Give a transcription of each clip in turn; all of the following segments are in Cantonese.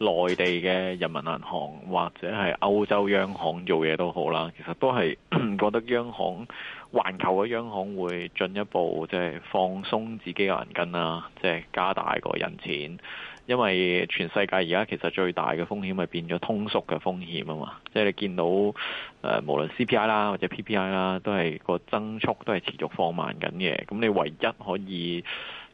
內地嘅人民銀行或者係歐洲央行做嘢都好啦，其實都係 覺得央行、環球嘅央行會進一步即係放鬆自己嘅銀根啦，即係加大個印錢，因為全世界而家其實最大嘅風險係變咗通縮嘅風險啊嘛，即係你見到誒無論 CPI 啦或者 PPI 啦，都係個增速都係持續放慢緊嘅，咁你唯一可以，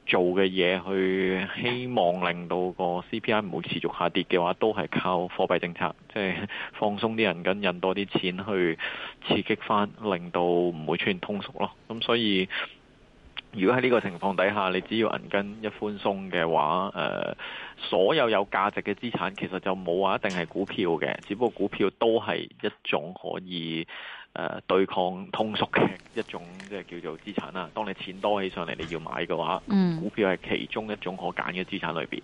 做嘅嘢去希望令到個 CPI 唔會持續下跌嘅話，都係靠貨幣政策，即係放鬆啲銀根，印多啲錢去刺激翻，令到唔會出現通縮咯。咁所以，如果喺呢個情況底下，你只要銀根一寬鬆嘅話，誒、呃、所有有價值嘅資產其實就冇話一定係股票嘅，只不過股票都係一種可以。誒對抗通縮嘅一種，即係叫做資產啦、啊。當你錢多起上嚟，你要買嘅話，股票係其中一種可揀嘅資產類別。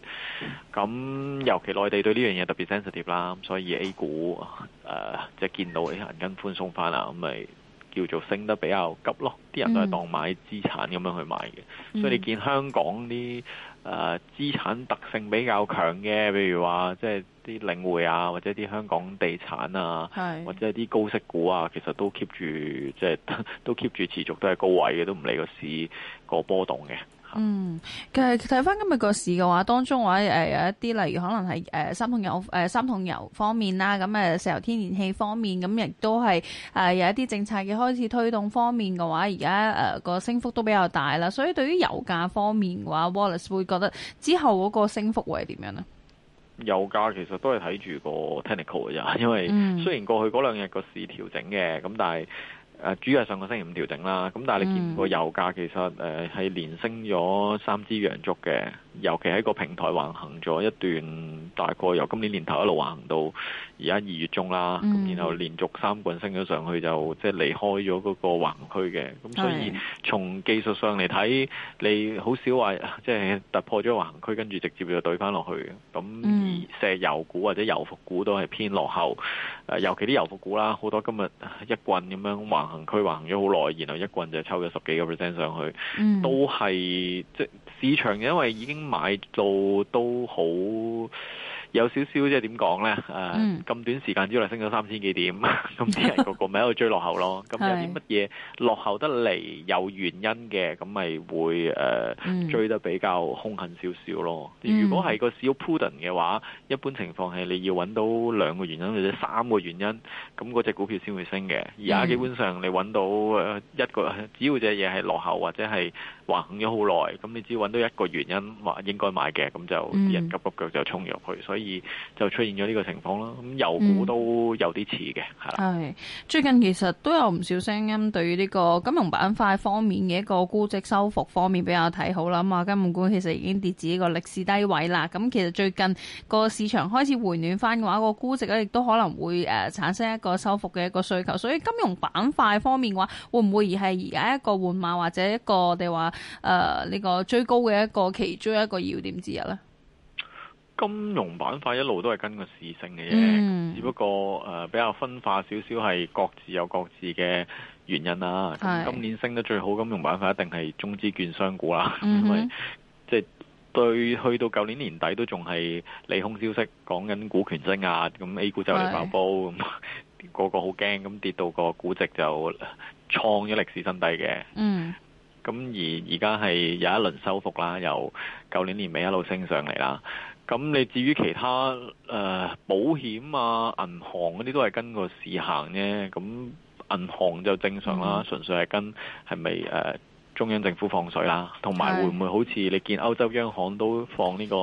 咁尤其內地對呢樣嘢特別 sensitive 啦，所以 A 股誒、呃、即係見到你銀根寬鬆翻啦，咁咪叫做升得比較急咯。啲人都係當買資產咁樣去買嘅、嗯，所以你見香港啲誒資產特性比較強嘅，譬如話即係。啲領匯啊，或者啲香港地產啊，或者啲高息股啊，其實都 keep 住即係都 keep 住持，持續都係高位嘅，都唔理個市個波動嘅。嗯，其實睇返今日個市嘅話，當中話誒有一啲，例如可能係誒三桶油誒三桶油方面啦，咁誒石油天然氣方面，咁亦都係誒有一啲政策嘅開始推動方面嘅話，而家誒個升幅都比較大啦。所以對於油價方面嘅話，Wallace 會覺得之後嗰個升幅會係點樣呢？油價其實都係睇住個 technical 嘅啫，因為雖然過去嗰兩日個市調整嘅，咁、嗯、但係主要係上個星期五調整啦，咁但係你見個油價其實誒係連升咗三支陽燭嘅。尤其喺個平台橫行咗一段，大概由今年年頭一路橫行到而家二月中啦。Mm. 然後連續三棍升咗上去，就即係離開咗嗰個橫區嘅。咁所以從技術上嚟睇，Yes. 你好少話即係突破咗橫區，跟住直接就對翻落去。咁而石油股或者油服股都係偏落後。誒，尤其啲油服股啦，好多今日一棍咁樣橫行區橫咗好耐，然後一棍就抽咗十幾個 percent 上去，Mm. 都係即係。就是市場嘅，因為已經買到都好。有少少即係點講咧？誒，咁短時間之內升咗三千幾點，咁啲人個個咪喺度追落後咯。咁有啲乜嘢落後得嚟，有原因嘅，咁咪會誒追得比較兇狠少少咯。如果係個小 prudent 嘅話，一般情況係你要揾到兩個原因或者三個原因，咁嗰隻股票先會升嘅。而家基本上你揾到誒一個，只要隻嘢係落後或者係橫行咗好耐，咁你只要揾到一個原因話應該買嘅，咁就啲人急急腳就衝入去，所以。所以就出現咗呢個情況咯，咁油股都有啲似嘅，啦、嗯。最近其實都有唔少聲音對於呢個金融板塊方面嘅一個估值收復方面比較睇好啦。咁啊，金融股其實已經跌至一個歷史低位啦。咁其實最近個市場開始回暖翻嘅話，個估值咧亦都可能會誒產生一個收復嘅一個需求。所以金融板塊方面嘅話，會唔會而係而家一個換馬或者一個我哋話誒呢個最高嘅一個其中一個要點之一咧？金融板塊一路都係跟個市升嘅啫，mm -hmm. 只不過誒比較分化少少，係各自有各自嘅原因啦。今年升得最好，金融板塊一定係中資券商股啦，mm -hmm. 因為即係、就是、對去到舊年年底都仲係利空消息，講緊股權質押，咁 A 股就嚟爆煲，咁個個好驚，咁跌到個估值就創咗歷史新低嘅。咁、mm -hmm. 而而家係有一輪收復啦，由舊年年尾一路升上嚟啦。咁你至於其他誒、呃、保險啊、銀行嗰啲都係跟個市行啫。咁銀行就正常啦，mm -hmm. 純粹係跟係咪誒中央政府放水啦，同埋會唔會好似你見歐洲央行都放呢個，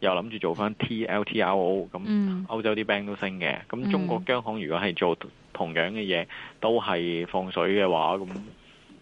又諗住做翻 TLTRO 咁，歐洲啲 bank 都升嘅。咁、mm -hmm. 中國央行如果係做同樣嘅嘢，都係放水嘅話，咁。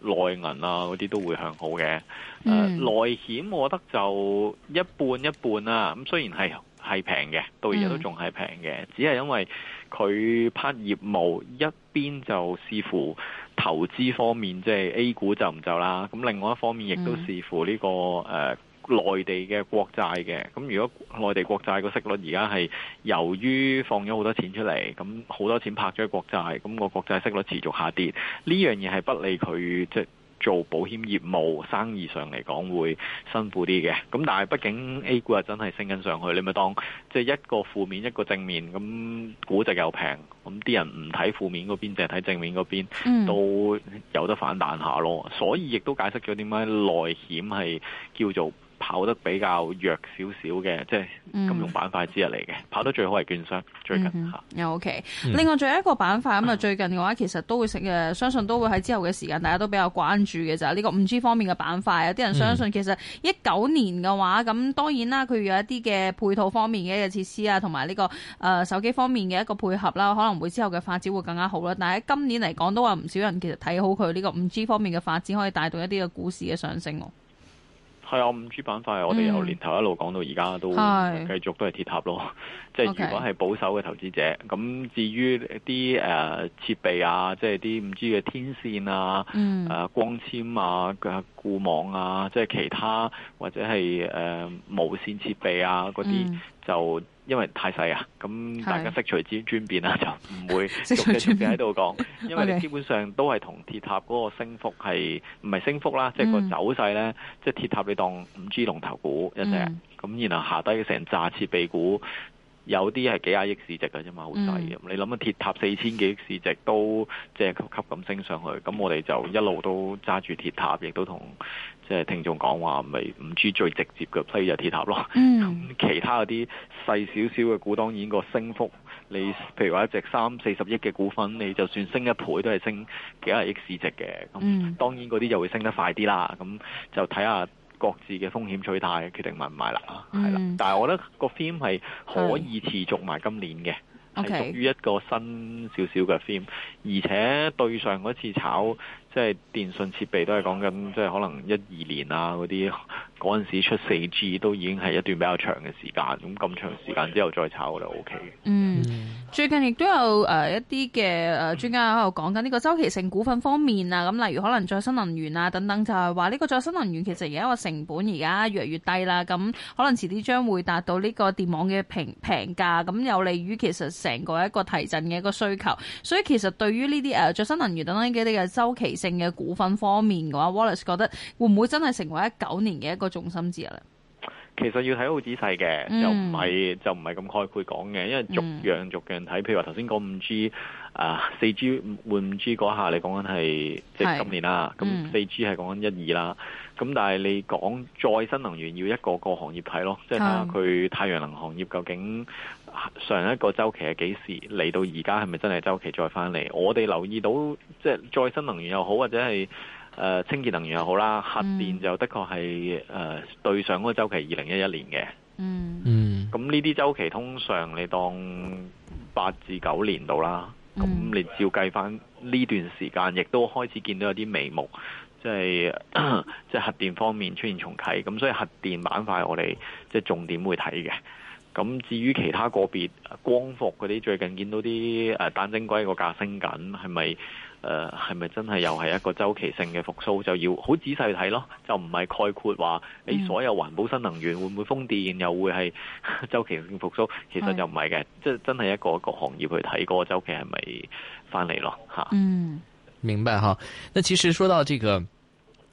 內銀啊，嗰啲都會向好嘅、嗯呃。內險我覺得就一半一半啦、啊。咁雖然係係平嘅，到而家都仲係平嘅，只係因為佢批業務一邊就視乎投資方面，即係 A 股就唔就啦。咁另外一方面亦都視乎呢個誒。嗯呃.內地嘅國債嘅，咁如果內地國債個息率而家係由於放咗好多錢出嚟，咁好多錢拍咗國債，咁個國債息率持續下跌，呢樣嘢係不利佢，即係做保險業務生意上嚟講會辛苦啲嘅。咁但係畢竟 A 股啊真係升緊上去，你咪當即係一個負面一個正面，咁估值又平，咁啲人唔睇負面嗰邊，淨係睇正面嗰邊都有得反彈下咯。所以亦都解釋咗點解內險係叫做。跑得比較弱少少嘅，即係金融板塊之一嚟嘅。跑得最好係券商最近嚇。又、mm -hmm. OK、mm。-hmm. 另外，仲有一個板塊咁啊，最近嘅話其實都會食誒，mm -hmm. 相信都會喺之後嘅時間，大家都比較關注嘅就係呢個五 G 方面嘅板塊，有啲人相信其實一九年嘅話，咁當然啦，佢有一啲嘅配套方面嘅一啲設施啊，同埋呢個誒手機方面嘅一個配合啦，可能會之後嘅發展會更加好啦。但係今年嚟講，都話唔少人其實睇好佢呢個五 G 方面嘅發展，可以帶動一啲嘅股市嘅上升。係啊，五 G 板塊我哋由年頭一路講到而家，嗯、都繼續都係鐵塔咯。即係如果係保守嘅投資者，咁，okay, 至於啲誒設備啊，即係啲五 G 嘅天線啊，嗯呃，光纖啊、固網啊，即係其他或者係誒、呃、無線設備啊嗰啲。就因為太細啊，咁大家識隨之轉變啦，就唔會逐隻逐隻喺度講，因為你基本上都係同鐵塔嗰個升幅係唔係升幅啦，即、嗯、係、就是、個走勢呢，即、就、係、是、鐵塔你當五 G 龍頭股一隻，咁、嗯、然後下低成紮設備股，有啲係幾廿億市值嘅啫嘛，好細、嗯。你諗下，鐵塔四千幾億市值都即係級級咁升上去，咁我哋就一路都揸住鐵塔，亦都同。即係聽眾講話，咪五 G 最直接嘅 play 就鐵塔咯。咁、mm. 其他嗰啲細少少嘅股，當然個升幅，你譬如話一隻三四十億嘅股份，你就算升一倍都係升幾廿億市值嘅。咁當然嗰啲就會升得快啲啦。咁就睇下各自嘅風險取態，決定買唔買啦。係、mm. 啦，但係我覺得個 theme 係可以持續埋今年嘅。係、okay. 屬於一個新少少嘅 theme，而且對上嗰次炒即係、就是、電信設備都係講緊，即、就、係、是、可能一二年啊嗰啲嗰陣時出 4G 都已經係一段比較長嘅時間，咁咁長時間之後再炒我就 OK。嗯，最近亦都有誒、呃、一啲嘅誒專家喺度講緊呢個周期性股份方面啊，咁例如可能再生能源啊等等，就係話呢個再生能源其實而家個成本而家越嚟越低啦，咁可能遲啲將會達到呢個電網嘅平平價，咁有利於其實。成個一個提振嘅一個需求，所以其實對於呢啲誒再生能源等等呢啲嘅周期性嘅股份方面嘅話，Wallace 覺得會唔會真係成為一九年嘅一個重心之一呢？其實要睇好仔細嘅、嗯，就唔係就唔係咁概括講嘅，因為逐樣逐樣睇。譬、嗯、如話頭先講五 G 啊，四 G 換五 G 嗰下，你講緊係即係今年啦。咁四 G 係講緊一二啦。咁、嗯、但係你講再生能源要一個個行業睇咯，即係睇下佢太陽能行業究竟。上一個周期係幾時嚟到而家係咪真係周期再返嚟？我哋留意到，即係再生能源又好，或者係誒清潔能源又好啦，核電就的確係誒對上嗰個周期二零一一年嘅。嗯、mm.，咁呢啲周期通常你當八至九年度啦。咁你照計翻呢段時間，亦都開始見到有啲眉目，即係即係核電方面出現重啟。咁所以核電板塊我哋即係重點會睇嘅。咁至於其他個別光伏嗰啲，最近見到啲誒、呃、單晶硅個價升緊，係咪誒係咪真係又係一個周期性嘅復甦，就要好仔細睇咯，就唔係概括話你、哎、所有環保新能源會唔會風電，又會係周期性復甦，嗯、其實就唔係嘅，即、嗯、係真係一個一個行業去睇個周期係咪翻嚟咯嚇。嗯，明白哈。那其實講到這個。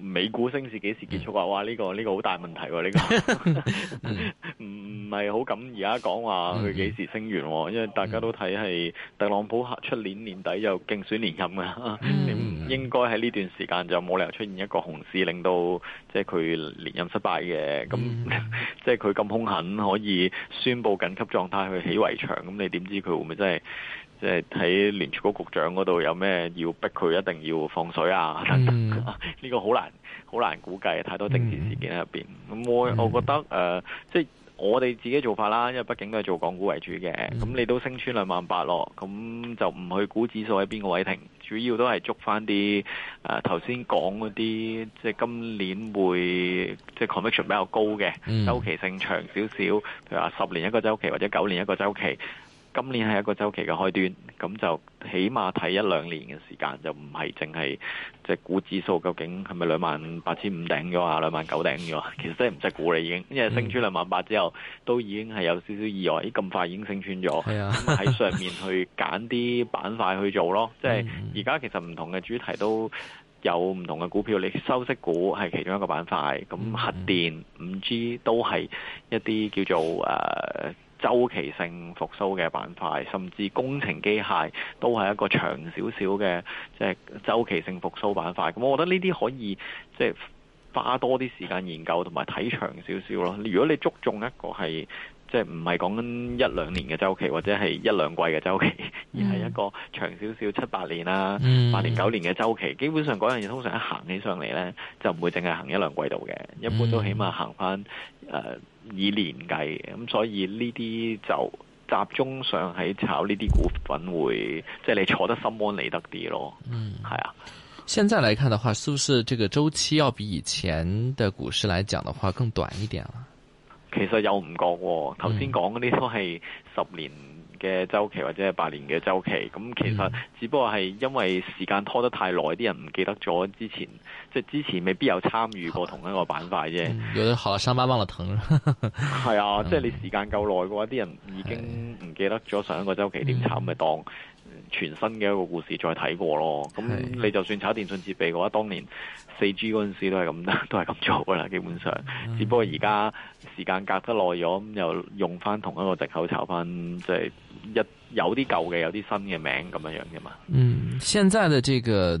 美股升市幾時結束啊？哇！呢、呢個呢、呢個好大問題喎、啊，呢、呢個唔係好敢而家講話佢幾時升完、啊，因為大家都睇係特朗普出年年底又競選連任啊，咁 應該喺呢段時間就冇理由出現一個熊市，令到即係佢連任失敗嘅。咁即係佢咁凶狠，可以宣佈緊急狀態去起圍牆，咁你點知佢會唔會真係？即係喺聯儲局局長嗰度有咩要逼佢一定要放水啊？呢、嗯、 個好難好難估計，太多政治事件喺入面。咁、嗯、我我覺得、呃、即係我哋自己做法啦，因為畢竟都係做港股為主嘅。咁、嗯、你都升穿兩萬八咯，咁就唔去估指數喺邊個位停，主要都係捉翻啲誒頭先講嗰啲，即係今年會即係 conviction 比較高嘅、嗯、周期性長少少，譬如話十年一個周期或者九年一個周期。今年係一個周期嘅開端，咁就起碼睇一兩年嘅時間，就唔係淨係即係估指數究竟係咪兩萬八千五頂咗啊？兩萬九頂咗？其實真係唔使估啦已經了，因為升穿兩萬八之後，都已經係有少少意外，咦、哎、咁快已經升穿咗？喺上面去揀啲板塊去做咯，即係而家其實唔同嘅主題都有唔同嘅股票，你收息股係其中一個板塊，咁核電、五 G 都係一啲叫做誒。呃周期性復甦嘅板塊，甚至工程機械都係一個長少少嘅，即係周期性復甦板塊。咁我覺得呢啲可以即係、就是、花多啲時間研究同埋睇長少少咯。如果你捉中一個係。即係唔係講緊一兩年嘅周期，或者係一兩季嘅周期，而係一個長少少七八年啦、嗯、八年九年嘅周期。基本上嗰樣嘢通常一行起上嚟呢，就唔會淨係行一兩季度嘅，一般都起碼行翻誒以年計。咁所以呢啲就集中上喺炒呢啲股份會，會即係你坐得心安理得啲咯。嗯，係啊。現在來看的話，是不是這個周期要比以前的股市來講的話更短一點啦？其實又唔覺喎、哦，頭先講嗰啲都係十年嘅周期或者係八年嘅周期，咁其實只不過係因為時間拖得太耐，啲人唔記得咗之前，即係之前未必有參與過同一個板塊啫。有啲好咗傷疤忘咗痛，係 啊，即係你時間夠耐嘅話，啲人已經唔記得咗上一個週期點炒，咪當，全新嘅一個故事再睇過咯，咁你就算炒電信設備嘅話，當年四 G 嗰陣時都係咁得，都係咁做噶啦，基本上，只不過而家時間隔得耐咗，咁又用翻同一個藉口炒翻，即係一有啲舊嘅，有啲新嘅名咁樣樣啫嘛。嗯，現在嘅這個。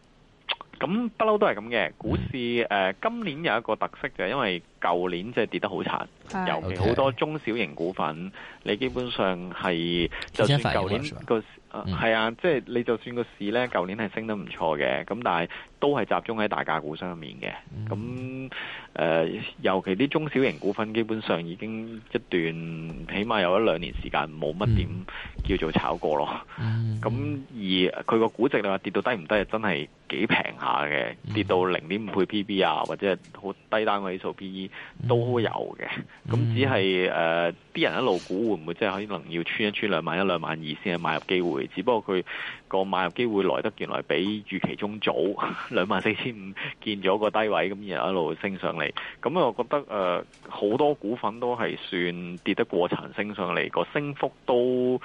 咁不嬲都係咁嘅，股市誒、呃、今年有一個特色就係因為舊年即係跌得好慘，尤其好多中小型股份，你基本上係就算舊年個。Mm -hmm. 啊，係啊，即係你就算個市呢，舊年係升得唔錯嘅，咁但係都係集中喺大價股上面嘅。咁、mm、誒 -hmm. 呃，尤其啲中小型股份，基本上已經一段起碼有一兩年時間冇乜點叫做炒過咯。咁、mm -hmm. 而佢個估值你話跌到低唔低，真係幾平下嘅，mm -hmm. 跌到零點五倍 P B 啊，或者係好低單位數 P E 都有嘅。咁只係誒，啲、呃、人一路估會唔會即係可能要穿一穿兩萬一兩萬二先係買入機會。只不過佢個買入機會來得原來比預期中早，兩萬四千五見咗個低位，咁然後一路升上嚟。咁啊，我覺得誒，好、呃、多股份都係算跌得過殘，升上嚟個升幅都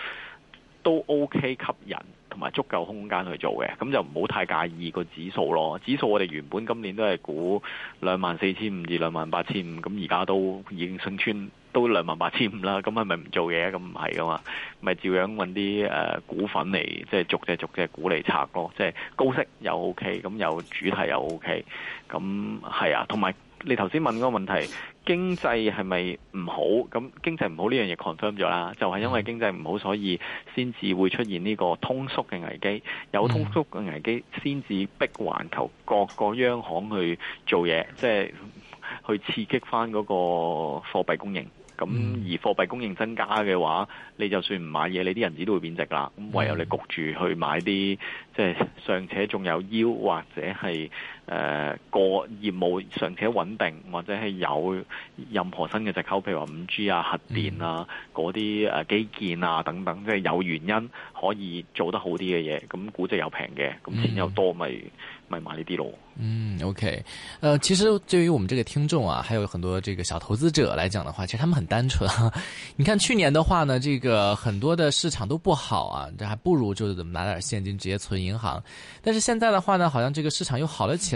都 O K 吸引，同埋足夠空間去做嘅。咁就唔好太介意個指數咯。指數我哋原本今年都係估兩萬四千五至兩萬八千五，咁而家都已經升穿。都兩萬八千五啦，咁係咪唔做嘢？咁唔係噶嘛，咪照樣揾啲誒股份嚟，即係逐隻逐隻股嚟拆咯。即係高息又 OK，咁有主題又 OK，咁係啊。同埋你頭先問嗰個問題，經濟係咪唔好？咁經濟唔好呢樣嘢 confirm 咗啦，就係因為經濟唔好，所以先至會出現呢個通縮嘅危機。有通縮嘅危機，先至逼環球各個央行去做嘢，即係去刺激翻嗰個貨幣供應。咁、嗯、而貨幣供應增加嘅話，你就算唔買嘢，你啲銀紙都會貶值啦。咁唯有你焗住去買啲，即係尚且仲有 yield 或者係。誒、呃，個業務尚且穩定，或者係有任何新嘅藉口，譬如話五 G 啊、核電啊嗰啲誒基建啊等等，即係有原因可以做得好啲嘅嘢，咁估值又平嘅，咁錢又多，咪咪買呢啲咯。嗯，嗯，OK，誒、呃，其實對於我們這個聽眾啊，還有很多這個小投資者來講嘅話，其實他們很單純、啊。你看去年嘅話呢，這個很多的市場都不好啊，這還不如就拿點現金直接存銀行。但是現在嘅話呢，好像這個市場又好了起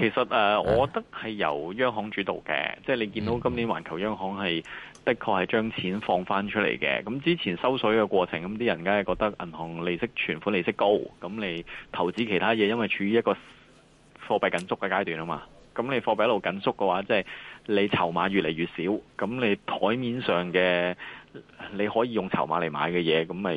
其實誒，我覺得係由央行主導嘅，即係你見到今年環球央行係的確係將錢放翻出嚟嘅。咁之前收水嘅過程，咁啲人梗係覺得銀行利息存款利息高，咁你投資其他嘢，因為處於一個貨幣緊縮嘅階段啊嘛。咁你貨幣一路緊縮嘅話，即係你籌碼越嚟越少，咁你台面上嘅你可以用籌碼嚟買嘅嘢，咁咪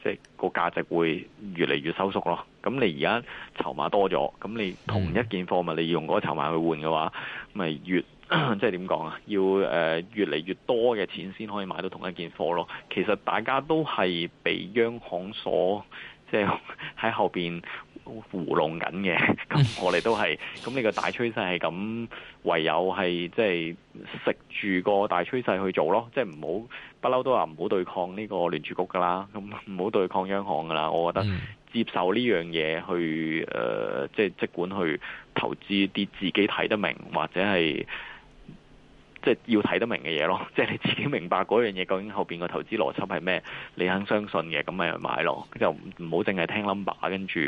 即係個價值會越嚟越收縮咯。咁你而家籌碼多咗，咁你同一件貨物你要用嗰個籌碼去換嘅話，咁、嗯、咪越即係點講啊？要、呃、越嚟越多嘅錢先可以買到同一件貨咯。其實大家都係被央行所即係喺後面糊弄緊嘅。咁我哋都係咁，你個大趨勢係咁，唯有係即係食住個大趨勢去做咯。即係唔好不嬲都話唔好對抗呢個聯儲局㗎啦，咁唔好對抗央行㗎啦。我覺得。嗯接受呢樣嘢去誒、呃，即係即管去投資啲自己睇得明，或者係即係要睇得明嘅嘢咯。即係你自己明白嗰樣嘢究竟後邊個投資邏輯係咩，你肯相信嘅，咁咪買咯。就唔好淨係聽 number，跟住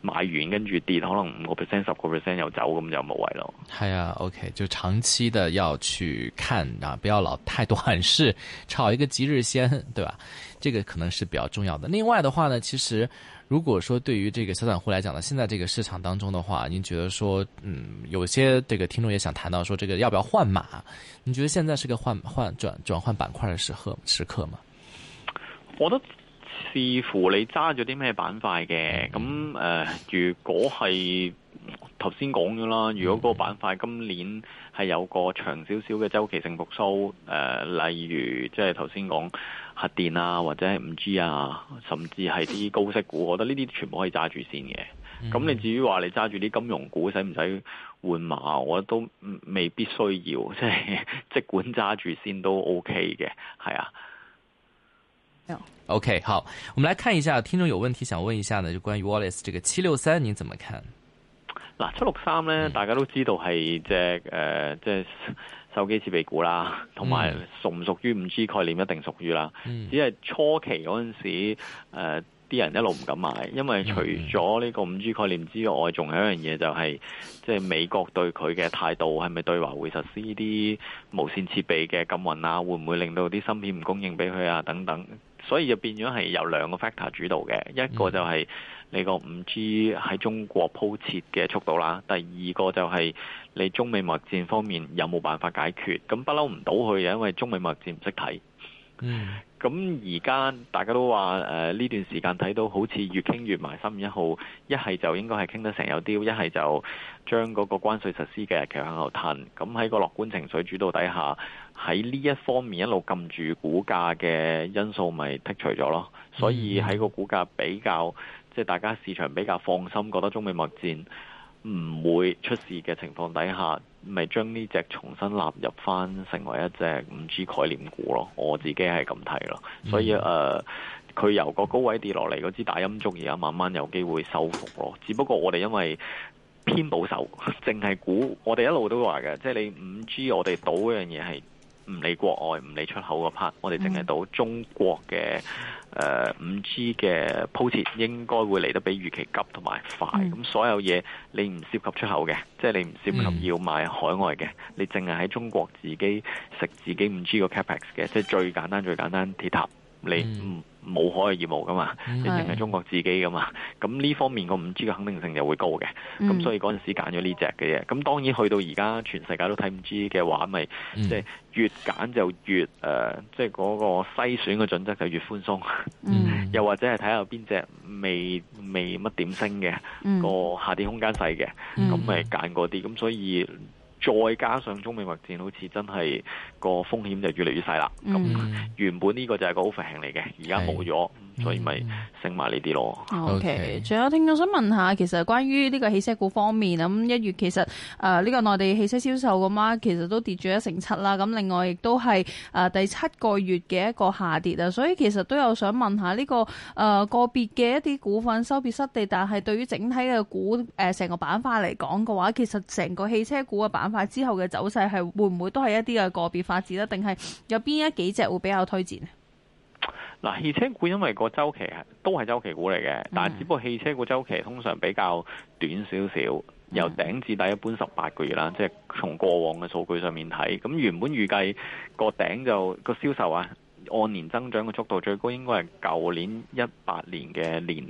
買完跟住跌，可能五個 percent、十個 percent 又走，咁就冇謂咯。係 啊，OK，就長期嘅要去看啊，不要老太短視，炒一個即日先，對吧？這個可能是比較重要的。另外的話呢，其實如果說對於這個小散戶來講呢，現在這個市場當中的話，您覺得說，嗯，有些這個聽眾也想談到說，這個要不要換碼？你覺得現在是個換換轉轉換板塊的時刻時刻嗎？我都視乎你揸住啲咩板塊嘅。咁、mm、誒 -hmm. 呃，如果係頭先講咗啦，如果個板塊今年係有個長少少嘅周期性復蘇，誒，例如即係頭先講。就是核電啊，或者係五 G 啊，甚至係啲高息股，我覺得呢啲全部可以揸住先嘅。咁你至於話你揸住啲金融股，使唔使換碼？我都未必需要，即係即管揸住先都 OK 嘅。係啊，OK，好，我們來看一下，聽眾有問題想問一下呢，就關於 Wallace 這個七六三，你怎麼看？嗱、啊，七六三咧，大家都知道係隻誒，即、呃、係、就是、手機設備股啦，同埋屬唔屬於五 G 概念？一定屬於啦。嗯、只係初期嗰陣時，啲、呃、人一路唔敢買，因為除咗呢個五 G 概念之外，仲有一樣嘢就係、是，即、就、係、是、美國對佢嘅態度係咪對華會實施呢啲無線設備嘅禁運啊？會唔會令到啲芯片唔供應俾佢啊？等等，所以就變咗係由兩個 factor 主導嘅，一個就係、是。你個 5G 喺中國鋪設嘅速度啦。第二個就係你中美貿易戰方面有冇辦法解決？咁不嬲唔到佢，因為中美貿易戰唔識睇。嗯，咁而家大家都話誒呢段時間睇到好似越傾越埋，三月一號一係就應該係傾得成有啲，一係就將嗰個關稅實施嘅日期向後褪。咁喺個樂觀情緒主導底下，喺呢一方面一路撳住股價嘅因素，咪剔除咗咯。所以喺個股價比較。即係大家市場比較放心，覺得中美貿戰唔會出事嘅情況底下，咪將呢隻重新納入翻成為一隻五 G 概念股咯。我自己係咁睇咯，所以誒佢、嗯呃、由個高位跌落嚟支大陰燭，而家慢慢有機會收復咯。只不過我哋因為偏保守，淨係估，我哋一路都話嘅，即係你五 G，我哋賭樣嘢係。唔理國外，唔理出口嗰 part，我哋凈係到中國嘅誒五 G 嘅鋪設應該會嚟得比預期急同埋快。咁、嗯、所有嘢你唔涉及出口嘅，即係你唔涉及要賣海外嘅、嗯，你淨係喺中國自己食自己五 G 個 capex 嘅，即係最簡單最簡單鐵塔你唔。嗯嗯冇海外業務噶嘛，淨係中國自己噶嘛，咁呢方面個五 G 嘅肯定性就會高嘅，咁所以嗰陣時揀咗呢隻嘅嘢。咁當然去到而家，全世界都睇唔知嘅話，咪即係越揀就越誒，即係嗰個篩選嘅準則就越寬鬆。嗯、又或者係睇下邊隻未未乜點升嘅、個下跌空間細嘅，咁咪揀嗰啲。咁所以。再加上中美貿易戰，好似真係個風險就越嚟越細啦。咁、mm. 原本呢個就係個 overhang 嚟嘅，而家冇咗。所以咪升埋呢啲咯。O K，仲有聽眾想問下，其實關於呢個汽車股方面，咁一月其實誒呢、呃呢個內地汽車銷售嘅話，其實都跌住一成七啦。咁另外亦都係誒第七個月嘅一個下跌啊。所以其實都有想問下呢、呢個誒、呃、個別嘅一啲股份收別失地，但係對於整體嘅股誒成、呃、個板塊嚟講嘅話，其實成個汽車股嘅板塊之後嘅走勢係會唔會都係一啲嘅個別發展，咧？定係有邊一幾隻會比較推薦呢？嗱，汽車股因為個周期係都係周期股嚟嘅，但係只不過汽車股周期通常比較短少少，mm -hmm. 由頂至底一般十八個月啦。即係，mm -hmm. 從過往嘅數據上面睇，咁原本預計個頂就個銷售啊，按年增長嘅速度最高應該係舊年一八年嘅年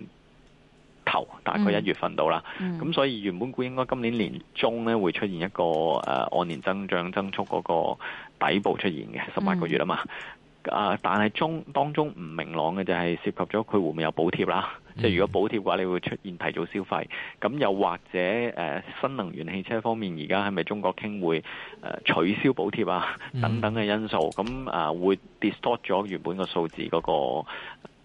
頭，大概一月份到啦。咁、mm -hmm. 所以原本估應該今年年中咧會出現一個誒、呃、按年增長增速嗰個底部出現嘅十八個月啊嘛。Mm -hmm. 啊、呃！但係中當中唔明朗嘅就係涉及咗佢會唔會有補貼啦，Mm. 即係如果補貼嘅話，你會出現提早消費，咁又或者誒、呃、新能源汽車方面而家係咪中國傾會誒、呃、取消補貼啊等等嘅因素，咁啊、呃、會 distort 咗原本個數字嗰個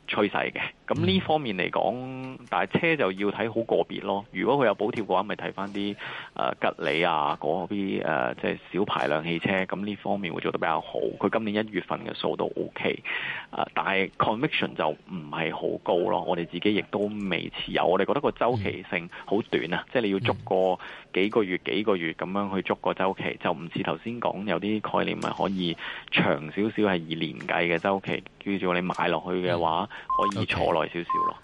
趨勢嘅。咁呢方面嚟講，但係車就要睇好個別咯。如果佢有補貼嘅話，咪睇翻啲誒吉利啊嗰啲誒即係小排量汽車。咁呢方面會做得比較好。佢今年一月份嘅數都 OK。誒，但係 conviction 就唔係好高咯。我哋自己亦都未持有。我哋覺得個周期性好短啊、嗯，即係你要捉個幾個月、嗯、幾個月咁樣去捉個周期，就唔似頭先講有啲概念咪可以長少少係以年計嘅周期。叫做你買落去嘅話、嗯，可以坐。耐少少咯。